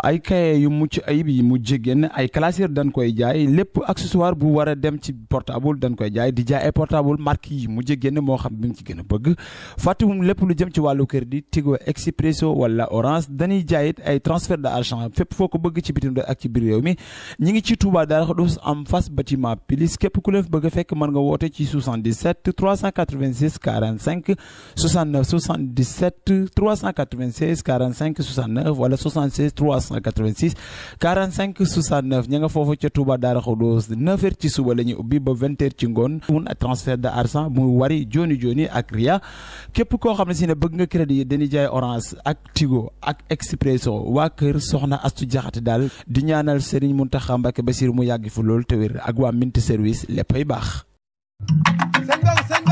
ay cahier yu mucc ayib yi mujj génn ay classeur dañ koy jaay lépp accessoire bu war a dem ci portable dañ koy jaay di jaay ay portable marque yi mujj génn moo xam bi mu ci gën a bëgg fàttewum lépp lu jëm ci wàllu crédit Tigo Expresso wala Orange dañuy jaayit ay transfert d'argent fépp foo ko bëgg ci bitim ak ci biir réew mi ñi ngi ci Touba Darou Khoudoss am ku leen bëgg fekk mën nga woote ci 77 386 45 69 77 396 45 69 wala 76 386 45 69 ña nga foofu ca Touba Daara Khoudous 9h ci suba la ñuy ubbi ba 20h ci ngoon mun transfert de argent muy wari joni joni ak ria képp koo xam ne si ne bëgg nga crédit yi dañuy jaay orange ak tigo ak expresso waa kër soxna astu jaxate daal di ñaanal Serigne Mountakha Mbacké Bassirou mu yàgg fi lool te wér ak waa Minti service léppay baax sëñ Ndao sëñ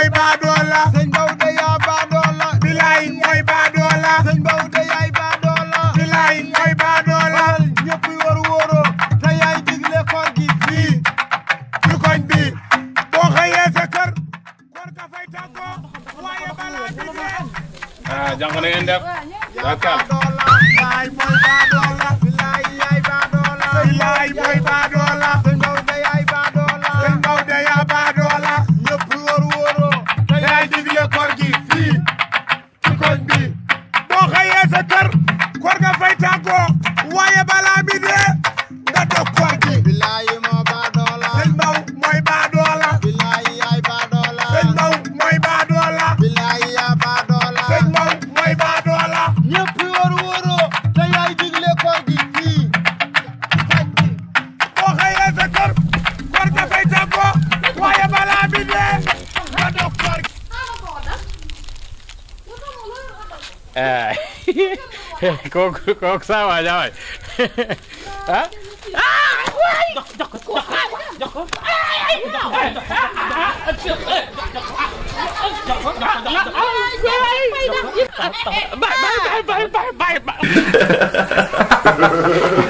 mooy baadoola sëñ Daouda yaa baadoola bilaay mooy baadoola sëñ Daouda yaay baadoola gi fii ci koñ bi boo xëyee kër koor ka fay waaye balaa bi dee ah jàng na ngeen def yaay baadoola yaay mooy baadoola kooku kooku saa waay jaa waay ah. jox jox ko jox jox ko jox ko jox ko